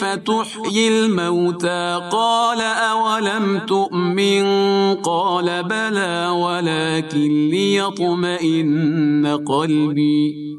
فتحيي الموتى قال أولم تؤمن قال بلى ولكن ليطمئن قلبي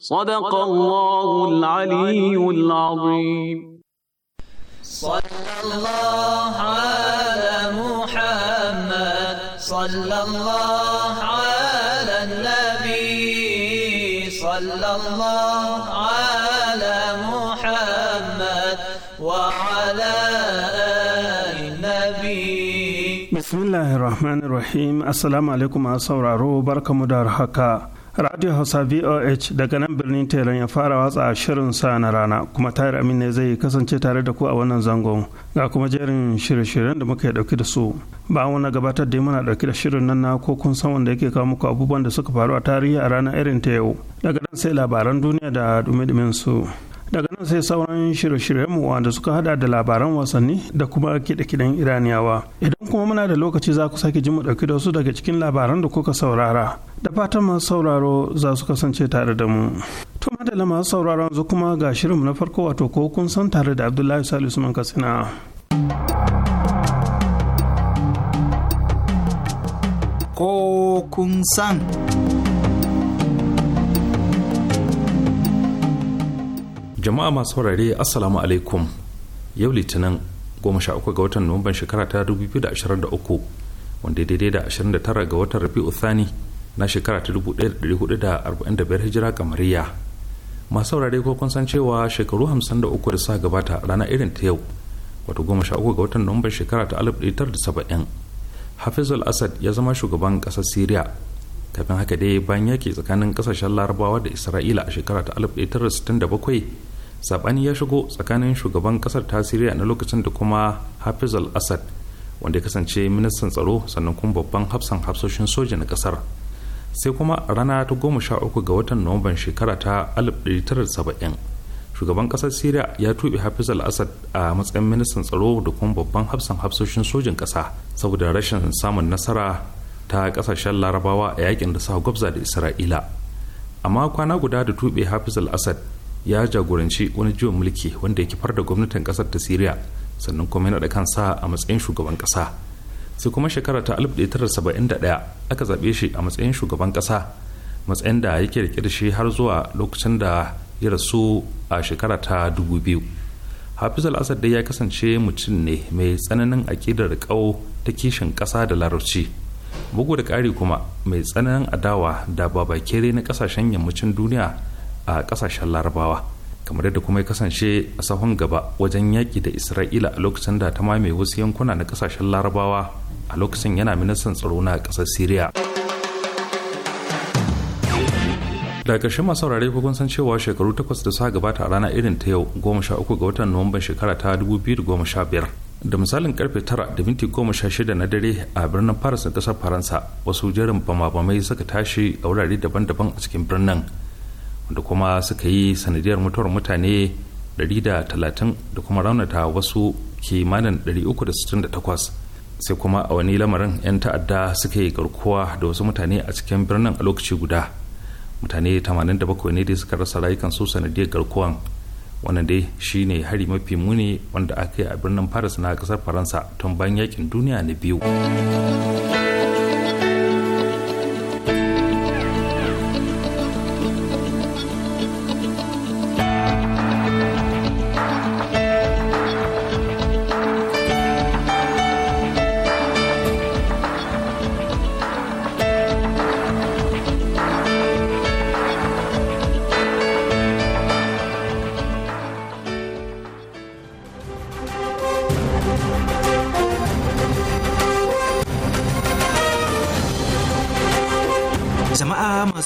صدق الله العلي العظيم صلى الله على محمد صلى الله على النبي صلى الله على محمد وعلى النبي بسم الله الرحمن الرحيم السلام عليكم أصور الله بركة مدار radio hausa voh daga nan birnin teran ya fara watsa shirin sa na rana kuma tayar ne zai kasance tare da ku a wannan zangon ga kuma jerin shirye-shiryen da muka dauki da su ba wani gabatar da muna dauki da shirin nan na ko kun san wanda yake kawo muku abubuwan da suka faru a tarihi a ranar irin ta yau daga nan sai labaran duniya da dumi-dumin su daga nan sai sauran shirye-shiryenmu wanda suka hada da labaran wasanni da kuma kiɗe-kiɗen iraniyawa idan kuma muna da lokaci za ku sake ji mu ɗauki da wasu daga cikin labaran da kuka saurara da fatan masu sauraro za su kasance tare da mu to madalla masu sauraro yanzu kuma ga shirinmu na farko wato ko kun san tare da abdullahi salisu man katsina ko kun san jama'a masu saurare assalamu alaikum yau litinin 13 ga watan nuwamban shekara ta 2023 wanda daidai da 29 ga watan rabi'u thani na shekara ta 1445 hijira kamariya masu saurare ko kun san cewa shekaru 53 da sa gabata rana irin ta yau wato 13 ga watan nuwamban shekara ta 1970 hafiz al-assad ya zama shugaban kasar syria kafin haka dai bayan yaki tsakanin kasashen larabawa da isra'ila a shekara ta 1967 sabani ya shigo tsakanin shugaban kasar ta siriya na lokacin da kuma hafiz al-assad wanda ya kasance ministan tsaro sannan kuma babban hafsan hafsoshin soja na kasar sai kuma rana ta goma sha uku ga watan nuwamban shekara ta 1970 shugaban kasar siriya ya tuɓe hafiz al-assad a matsayin ministan tsaro da kuma babban hafsan hafsoshin sojin kasa saboda rashin samun nasara ta kasashen larabawa a yakin da suka gwabza da isra'ila amma kwana guda da tuɓe hafiz al-assad ya jagoranci wani juyin mulki wanda ya kifar da gwamnatin kasar ta syria sannan kuma yana da kansa a matsayin shugaban kasa sai kuma shekara ta 1971 aka zaɓe shi a matsayin shugaban kasa matsayin da yake rike da shi har zuwa lokacin da ya rasu a shekara ta 2000 hafiz al-asad dai ya kasance mutum ne mai tsananin aƙidar kawo ta kishin ƙasa da larabci bugu da ƙari kuma mai tsananin adawa da babakere na ƙasashen yammacin duniya a kasashen larabawa kamar yadda kuma ya kasance a sahun gaba wajen yaƙi da isra'ila a lokacin da ta mamaye wasu yankuna na kasashen larabawa a lokacin yana ministan tsaro na ƙasar syria da ƙarshen masu saurare ko kun san cewa shekaru takwas da suka gabata a rana irin ta yau goma sha uku ga watan nuwamban shekara ta dubu biyu da goma sha biyar da misalin karfe tara da minti goma sha shida na dare a birnin paris na ƙasar faransa wasu jerin bama-bamai suka tashi a wurare daban-daban a cikin birnin da kuma suka yi sanadiyar mutuwar mutane 130 da kuma raunata wasu kimanin 368 sai kuma a wani lamarin 'yan ta'adda suka yi garkuwa da wasu mutane a cikin birnin a lokaci guda mutane 87 ne dai suka rasa rayukan su sanadiyar garkuwan wannan dai shine hari mafi muni wanda aka yi a birnin paris na kasar faransa tun bayan yakin duniya na biyu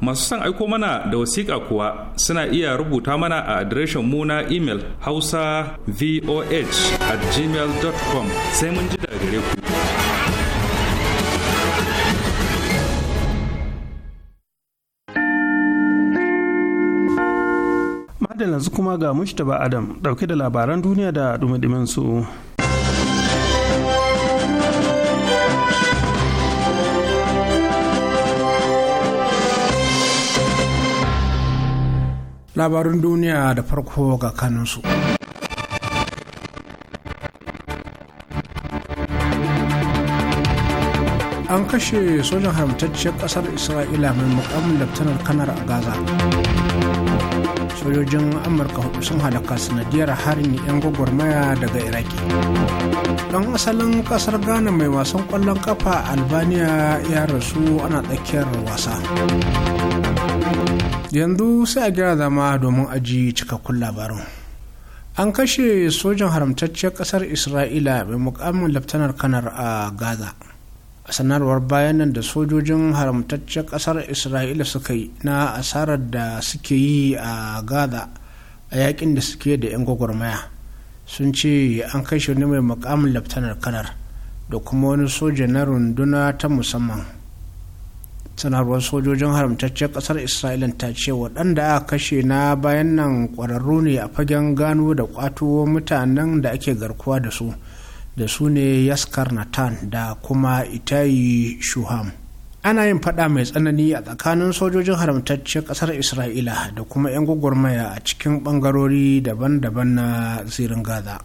Masu son aiko mana da wasiƙa kuwa suna iya rubuta mana a adireshin mu na imel hausa voh at gmail.com sai mun ji daga gare ku. Madalla kuma ga Mushtaba Adam ɗauke da labaran duniya da dumi su. labarin duniya da farko ga kanunsu. an kashe sojan haramtacciyar kasar isra'ila mai mukamin laftanar kanar a gaza sojojin amurka hudu sun halaka sanadiyar harin yan gwagwarmaya daga iraki dan asalin kasar ghana mai wasan kwallon kafa albania ya rasu ana tsakiyar wasa yanzu sai a gyara zama domin aji cikakkun labarin an kashe sojan haramtaccen kasar isra'ila mai mukamin laftanar kanar a gaza a sanarwar bayan nan da sojojin haramtaccen kasar isra'ila suka yi na asarar da suke yi a gaza a yakin da suke da 'yan gwagwarmaya sun ce an kashe wani mai mukamin laftanar kanar da kuma wani soja na runduna ta musamman sanarwar sojojin haramtaccen kasar isra'ila ta ce waɗanda aka kashe na bayan nan ƙwararru ne a fagen gano da ƙwato mutanen da ake garkuwa da su da su ne yaskar natan da kuma itayi shuham ana yin fada mai tsanani a tsakanin sojojin haramtaccen kasar isra'ila da kuma 'yan gwagwarmaya a cikin bangarori daban-daban na zirin gaza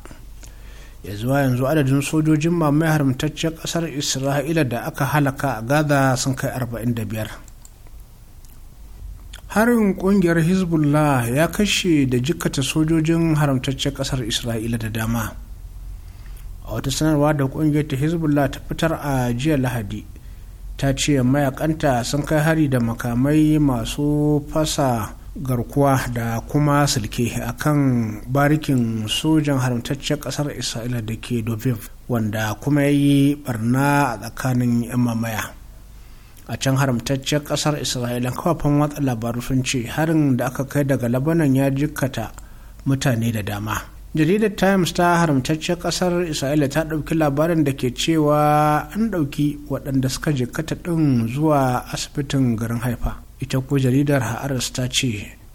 ya zuwa yanzu adadin sojojin mamaye haramtaccen kasar isra'ila da aka halaka a gaza sun kai 45 harin kungiyar hezbollah ya kashe da jikata sojojin haramtaccen kasar isra'ila da dama a wata sanarwa da kungiyar ta hezbollah ta fitar a jiya lahadi ta ce mayakanta sun kai hari da makamai masu fasa garkuwa da kuma silke a kan barikin sojan haramtaccen kasar isra'ila da ke doviv wanda kuma ya yi barna a tsakanin 'yan mamaya a can haramtaccen kasar isra'ila kafafen watsa labaru sun ce harin da aka kai daga labanan ya jikkata mutane da dama jaridar times ta haramtaccen kasar isra'ila ta ɗauki labarin da ke cewa an ɗauki waɗanda suka jikkata ɗin zuwa asibitin garin haifa ita ko jaridar ha'aras ta ce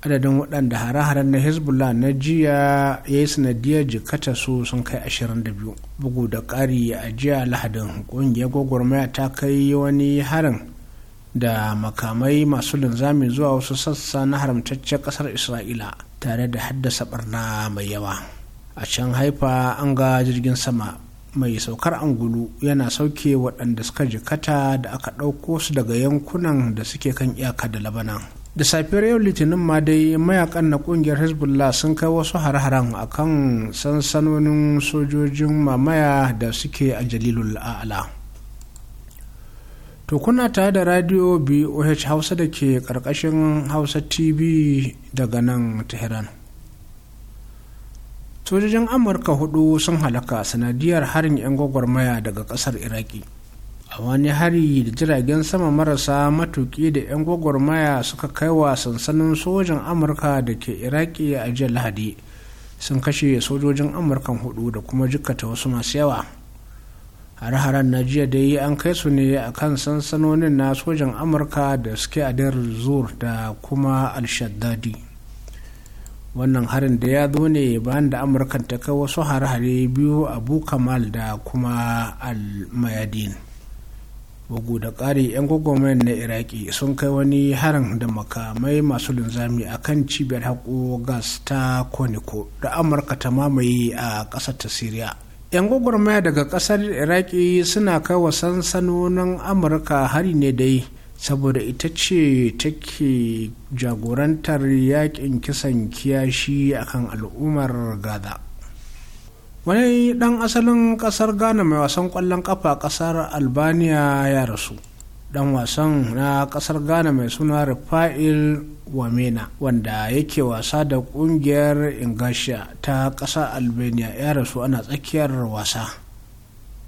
adadin waɗanda hare-haren na hezbollah na jiya ya yi sanadiyar jikata su sun kai 22 bugu da ƙari a jiya lahadin ƙungiyar gwagwarmaya ta kai wani harin da makamai masu linzami zuwa wasu sassa na haramtaccen ƙasar isra'ila tare da haddasa barna mai yawa a can haifa an ga jirgin sama mai saukar angulu yana sauke waɗanda suka jikata da aka ɗauko su daga yankunan da suke kan iyaka da labanan da safiyar yau litinin ma dai mayakan na kungiyar hezbollah sun kai wasu har-haren a kan sansanonin sojojin mamaya da suke a jalilul a'ala to kuna tare da radio boh hausa da ke ƙarƙashin hausa tv daga nan tehran sojojin amurka hudu sun halaka sanadiyar harin 'yan gwagwarmaya daga kasar iraki a wani hari da jiragen sama marasa matuki da 'yan gwagwarmaya suka kaiwa wa sansanin sojan amurka da ke iraki a jiya lahadi sun kashe sojojin amurkan hudu da kuma jikata wasu masu yawa har-haren na jiya da yi an kai su ne a kan sansanonin na sojan amurka da suke a zur da kuma al-shaddadi wannan harin da ya zo ne bayan da amurka ta kai wasu hare-hare biyu abu kamal da kuma almayadin bugu da ƙari 'yan gwagwarmayar na iraki sun kai wani harin da makamai masu linzami a kan cibiyar haƙo gas ta koniko da amurka ta mamaye a ƙasar ta siriya 'yan gwagwarmaya daga ƙasar iraki suna kai wa sansanonin amurka hari ne dai saboda ita ce take jagorantar yakin kisan kiyashi akan al'ummar gaza wani dan asalin kasar ghana mai wasan kwallon kafa kasar albania ya rasu dan wasan na kasar ghana mai suna rufa'il wamena wanda yake wasa da kungiyar ingasha ta kasar albania ya rasu ana tsakiyar wasa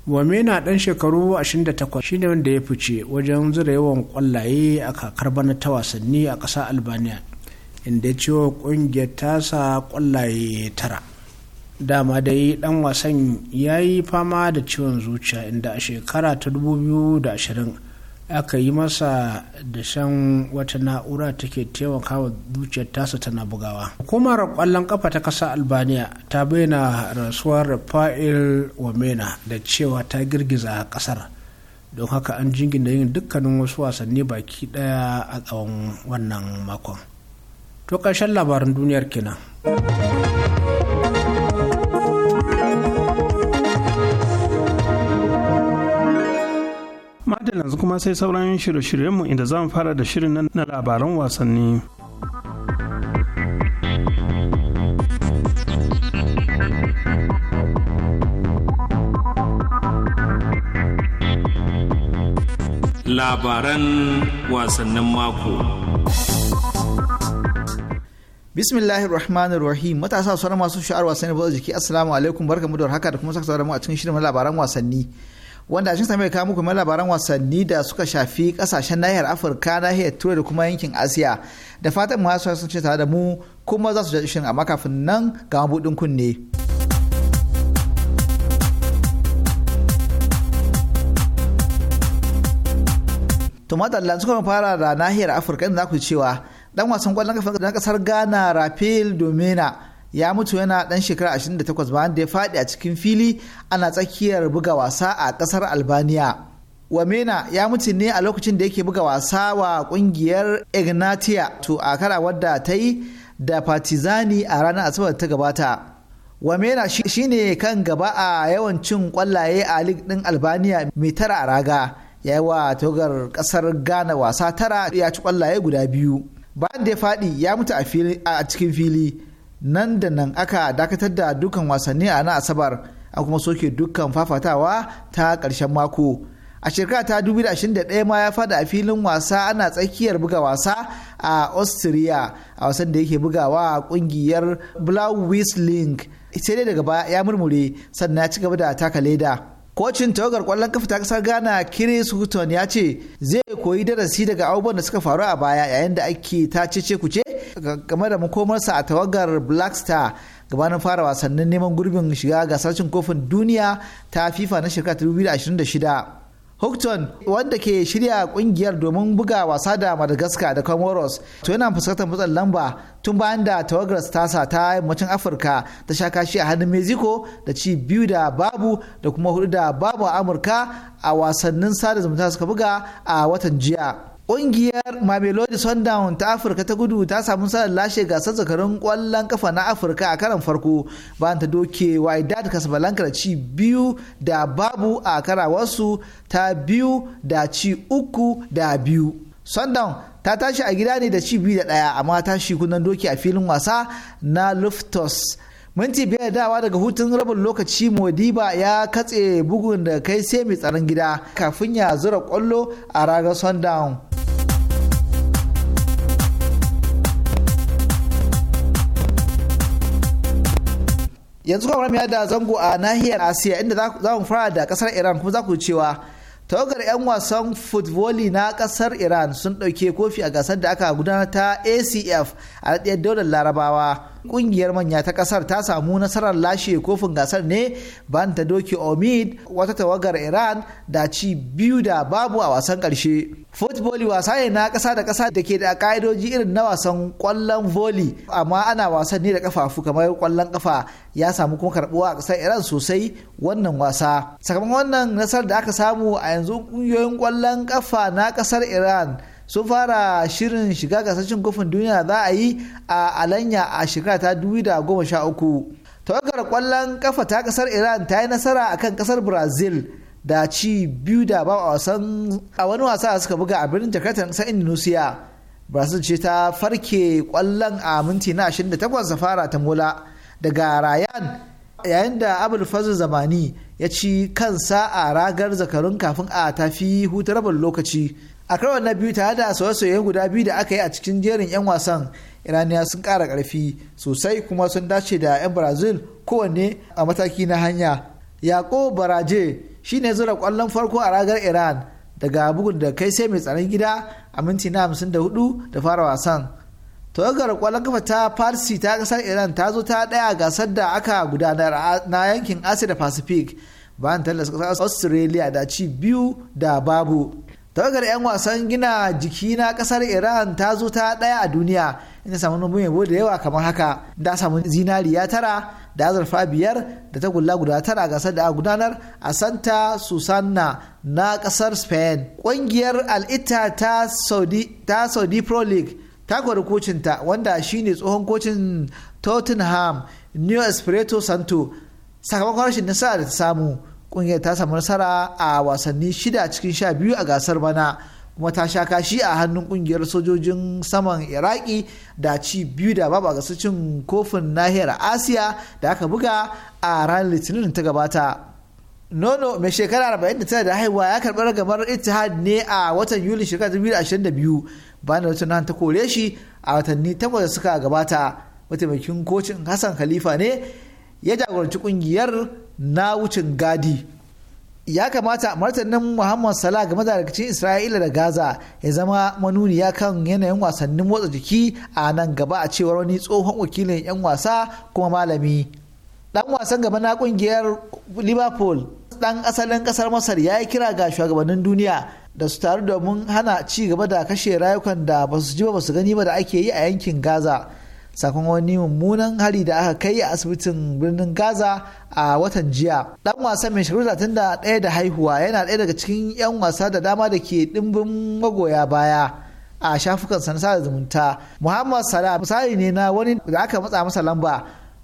wame na dan shekaru 28 shine wanda ya fice wajen zura yawan kwallaye a kakar bana ta wasanni a ƙasa albania inda ya ciwo kungiyar tasa kwallaye tara dama da yi dan wasan ya yi fama da ciwon zuciya inda a shekara ta 2020 aka yi masa dashen wata na'ura take taimakawa zuciyar tasa tana bugawa hukumar kwallon kafa ta kasa albania ta bayyana rasuwar rafa'il wamena da cewa ta girgiza kasar don haka an jingina yin dukkanin wasu wasanni baki daya a tsawon wannan makon to ƙarshen labarin duniyar kenan. Madalla yanzu kuma sai sauran shirye-shiryenmu inda za mu fara da shirin nan na labaran wasanni. Labaran wasannin mako. bismillahir rahmanir rahim matasa sauran masu sha'ar wasanni ba jiki assalamu alaikum barkamu da haka da kuma saka mu a cikin shirin labaran wasanni wanda a cikin samir kawo muku mai labaran wasanni da suka shafi kasashen nahiyar afirka nahiyar turai da kuma yankin asiya da fatan mu sun ce tare da mu kuma za su ji shirin amma kafin nan ga mabudin kunne. to madalla suka fara da nahiyar afirka inda za ku cewa dan wasan kwallon kafa na kasar ghana rafil domina ya mutu yana dan shekara 28 bayan da ya faɗi a cikin fili ana tsakiyar buga wasa a kasar albania wamena ya mutu ne a lokacin da yake buga wasa wa ƙungiyar ignatia to a kara wadda ta yi da partizani a ranar asabar ta gabata wamena shine kan gaba a yawan cin kwallaye a lig din albania mai tara a raga ya yi wa togar kasar ghana wasa tara ya ci kwallaye guda biyu bayan da ya faɗi ya mutu a cikin fili nan da nan aka dakatar da dukkan wasanni a na asabar a kuma soke dukkan fafatawa ta karshen mako a shekara ta 2021 ma ya fada a filin wasa ana tsakiyar buga wasa a austria a wasan da yake bugawa a kungiyar blau sai dai daga baya ya murmure sannan ya ci gaba da taka leda kocin tawagar kwallon kafa ta kasar ghana chris hutton ya ce zai koyi darasi daga abubuwan da suka faru a baya yayin da ake ta cece kuce game da makomarsa a tawagar black star gabanin fara wasannin neman gurbin shiga gasar cin kofin duniya ta fifa na shekara 2026 Houghton wanda ke shirya kungiyar domin buga wasa da Madagascar da Comoros to yana fuskantar matsan lamba tun bayan da tawagar stasa ta yammacin Afirka ta sha kashi a hannun Mexico da ci biyu da babu da kuma hudu da babu a Amurka a wasannin sada zumunta suka buga a watan jiya. Ƙungiyar Mamelodi Sundown ta Afirka ta gudu ta samu sanar lashe gasar zakarun ƙwallon kafa na Afirka a karon farko bayan ta doke Wydad Casablanca da ci biyu da babu a kara wasu ta biyu da ci uku da biyu. Sundown ta tashi a gida ne da ci biyu da ɗaya amma ta shi kunan doki a filin wasa na luftus. minti biyar dawa daga hutun rabin lokaci modiba ya katse bugun da kai sai mai tsaron gida kafin ya zura kwallo a raga sundown yanzu kuma ya da zango a nahiyar asiya inda za mu fara da kasar iran kuma za ku cewa tawagar 'yan wasan futboli na kasar iran sun ɗauke kofi a gasar da aka gudanar ta acf a daɗiyar daular larabawa kungiyar manya ta kasar ta samu nasarar lashe kofin gasar ne banta ta doki omid wata tawagar iran da ci biyu da babu a wasan karshe football wasa ne na kasa da kasa da ke da ka'idoji irin na wasan kwallon voli amma ana wasan ne da ƙafafu kamar kwallon ƙafa ya samu kuma karbuwa a kasar iran sosai wannan wasa sakamakon wannan nasarar da aka samu a yanzu ƙungiyoyin kwallon ƙafa na ƙasar iran sun fara shirin shiga gasashen kofin duniya za a yi a alanya a shekara ta 2013 tawagar kwallon kafa ta kasar iran ta yi nasara akan kasar brazil da ci biyu da ba a wani wasa suka buga a birnin jakarta na kasar indonesia brazil ce ta farke kwallon a minti na 28 fara ta mola daga rayan yayin da abul fazl zamani ya ci kansa a ragar zakarun kafin a tafi hutu rabin lokaci a karo na biyu tare da sauye-sauye guda biyu da aka yi a cikin jerin 'yan wasan iraniya sun kara karfi sosai kuma sun dace da 'yan brazil kowanne a mataki na hanya yako baraje shine zura kwallon farko a ragar iran daga bugun da kai sai mai tsaron gida a minti na 54 da fara wasan tawagar kwallon kafa ta farsi ta kasar iran ta zo ta daya gasar da aka gudanar na yankin asia da pacific bayan tallas kasar australia da ci biyu da babu tawagar 'yan wasan gina jiki na kasar iran ta zo ta daya a duniya inda samu numbun yabo da yawa kamar haka da samu zinariya tara da azurfa biyar da ta tagulla guda tara gasar da a gudanar a santa susanna na kasar spain kungiyar al'ita ta saudi pro league ta kwari kocinta wanda shine tsohon kocin tottenham new espirito santo sakamakon rashin nasara da ta samu kungiyar ta samu nasara a wasanni shida cikin sha biyu a gasar bana kuma ta sha kashi a hannun kungiyar sojojin saman iraki da ci biyu da babu a cin kofin nahiyar asiya da aka buga a ranar litinin ta gabata nono mai shekara 49 da haihuwa ya karbar gamar itihad ne a watan yuli shekara 2022 bayan da nan ta kore shi a watanni takwas da suka gabata mataimakin kocin hassan khalifa ne ya jagoranci kungiyar na wucin gadi ya kamata martanin muhammad salah game da rikicin isra'ila da gaza ya zama ya kan yanayin wasannin motsa jiki a nan gaba a cewar wani tsohon wakilin 'yan wasa kuma malami dan wasan gaba na kungiyar liverpool dan asalin kasar masar ya yi kira ga shugabannin duniya da su taru domin hana ci gaba da kashe rayukan da ba su ji ba su gani ba da ake yi a yankin gaza sakon wani mummunan hari da aka kai a asibitin birnin gaza a watan jiya dan wasa mai shekaru 31 da da haihuwa yana ɗaya daga cikin 'yan wasa da dama da ke ɗimbin magoya baya a shafukan sanasa da zumunta muhammad salah misali ne na wani da aka matsa masa lamba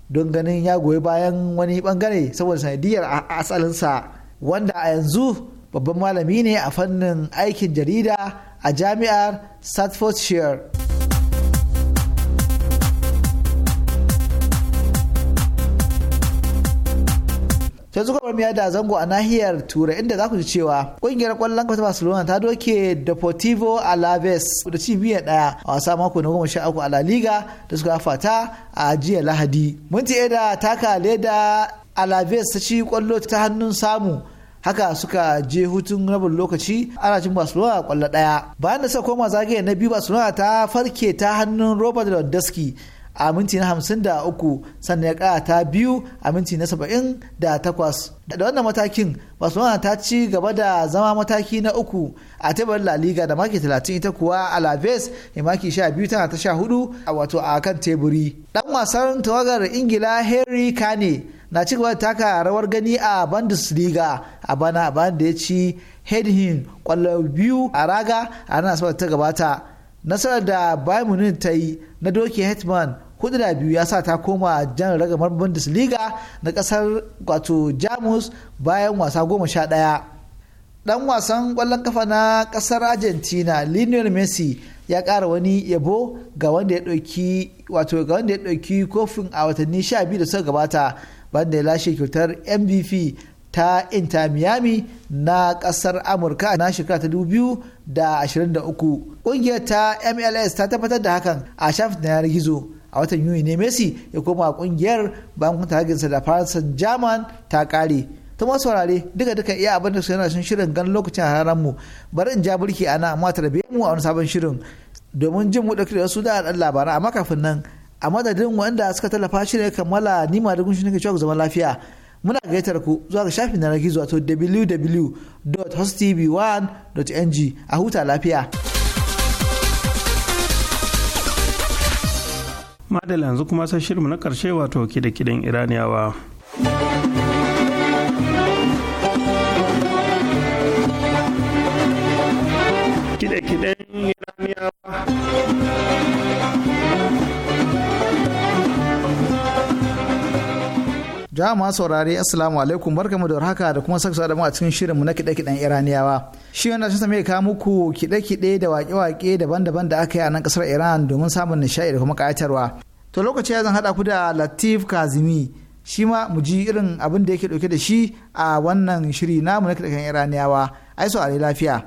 don ganin ya goyi bayan wani bangare saboda sanadiyar asalinsa wanda a yanzu babban malami ne a fannin aikin jarida a jami'ar Staffordshire. sai suka bar da zango a nahiyar turai inda za ku ji cewa kungiyar kwallon kafa ta barcelona ta doke deportivo alaves da ci biya daya a wasa mako na goma sha uku a la liga da suka fata a jiya lahadi minti da taka leda alaves ta ci kwallo ta hannun samu haka suka je hutun rabin lokaci ana cin barcelona kwallo daya bayan da suka koma zagaye na biyu barcelona ta farke ta hannun robert lewandowski a minti na hamsin da uku sannan ya kara ta biyu a minti na saba'in da takwas da wannan matakin barcelona ta ci gaba da zama mataki na uku a teburin la liga da maki talatin ita kuwa alaves ya maki sha biyu tana ta sha hudu a wato a kan teburi dan wasan tawagar ingila harry kane na ci gaba da taka rawar gani a bundesliga a bana bayan da ya ci hedhin kwallo biyu a raga a ranar asabar ta gabata nasarar da bayern munich ta yi na doki hetman hudu da biyu ya sa ta koma jan ragamar bundesliga na kasar wato jamus bayan wasa goma sha daya. dan wasan kwallon kafa na kasar argentina lionel messi ya ƙara wani yabo ga wanda ya dauki wato ga wanda ya ɗauki kofin a watanni sha biyu da suka gabata banda ya lashe kyautar mvp ta inter miami na kasar amurka na shekara ta 2023 kungiyar ta mls ta tabbatar da hakan a shafin yanar gizo a watan yuni ne messi ya koma kungiyar bayan kun taginsa da faransan german ta kare ta masu saurare duka duka iya abin da suna sun shirin gan lokacin hararen mu bari in ja burki ana amma tarbe mu a wani sabon shirin domin jin mu dauki da wasu da labaran amma kafin nan a madadin wanda suka tallafa shi ne kammala nima da gunshin nake cewa zaman lafiya muna gaitar ku zuwa ga shafin na gizo wato www.hostv1.ng a huta lafiya. madala yanzu kuma sai shirmu na karshe wato kide-kiden iraniyawa kide-kiden iraniyawa Jama'a saurari Assalamu alaikum barkamu da haka da kuma saka da mu a cikin shirinmu na kiɗe-kiɗen Iraniyawa. Shi wanda sun same ka muku kiɗe-kiɗe da waƙe-waƙe daban-daban da aka yi a nan ƙasar Iran domin samun nishaɗi da kuma ƙayatarwa. To lokaci ya zan haɗa ku da Latif Kazimi shi ma mu ji irin abin da yake ɗauke da shi a wannan shiri namu na kiɗe-kiɗen Iraniyawa. Ai saurare lafiya.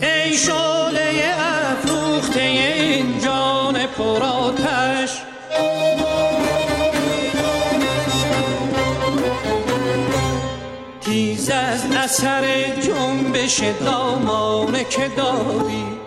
ای شاله افروخته این جان پراتش تیز از اثر جنبش دامانه که داری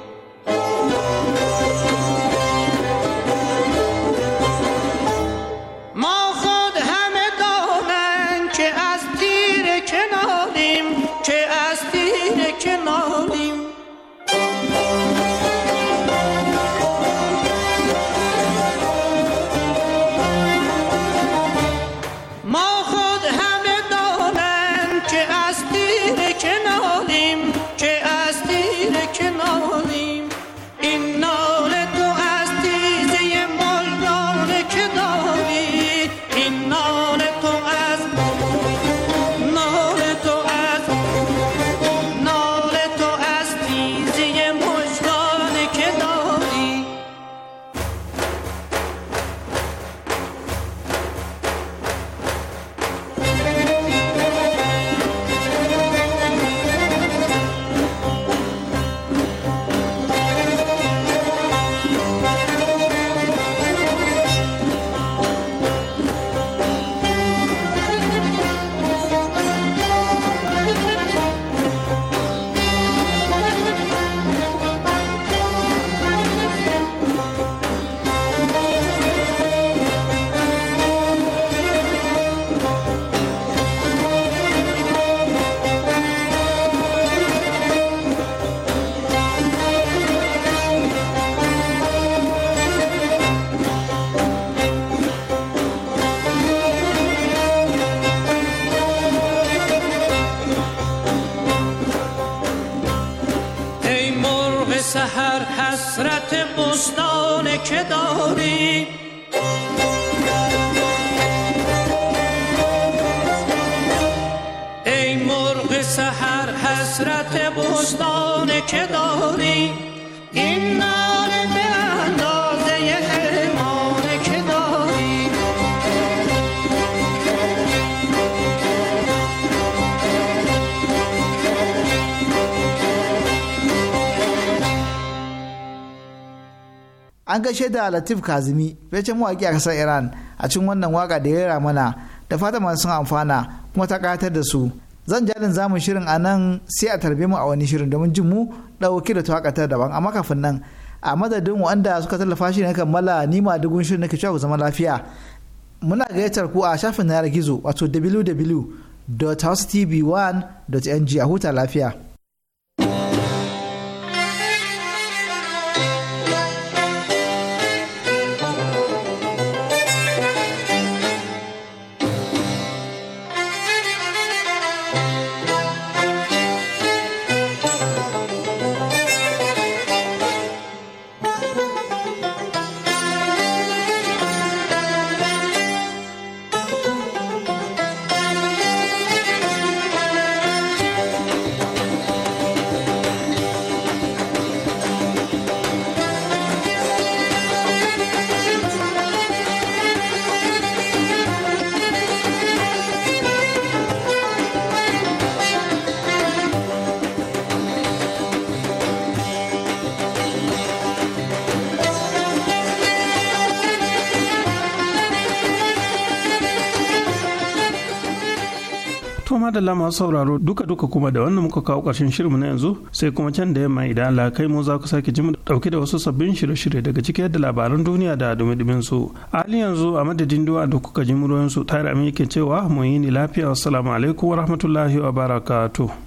دوستانه که an gaishe da latif kazimi fece mawaƙi a ƙasar iran a cikin wannan waka da ya rera mana da fata masu sun amfana kuma ta ƙatar da su zan jalin zamun shirin a nan sai a tarbe mu a wani shirin domin jin mu ɗauke da ta daban amma kafin nan a madadin wanda suka tallafa shi ne kammala nima dugun shirin nake cewa ku zama lafiya muna gayyatar ku a shafin na gizo wato www.housetv1.ng a huta lafiya. madalla masu sauraro duka duka kuma da wannan muka kawo ƙarshen shirinmu na yanzu sai kuma can da yamma idan Allah kai mu za ku sake jimu dauke da wasu sabbin shirye-shirye daga ciki da labaran duniya da dumi-dumin su a halin yanzu a madadin duwa da kuka ji muryoyin su tare amin yake cewa mu yi ni lafiya assalamu alaikum wa rahmatullahi wa barakatuh